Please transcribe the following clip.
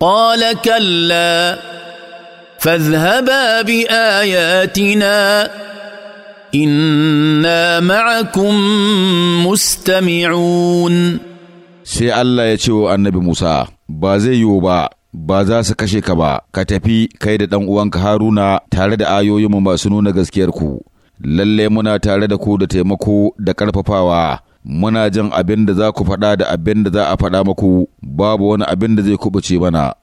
قال كلا فاذهبا باياتنا انا معكم مستمعون sai Allah ya ce wa annabi Musa, Ba zai yiwu ba, ba za su kashe ka ba, ka tafi kai da ɗan uwanka Haruna tare da ayoyinmu masu nuna gaskiyarku, lalle muna tare da ku da taimako da ƙarfafawa. muna jin abin da za ku faɗa da abin da za a faɗa maku babu wani abin da zai kubuce mana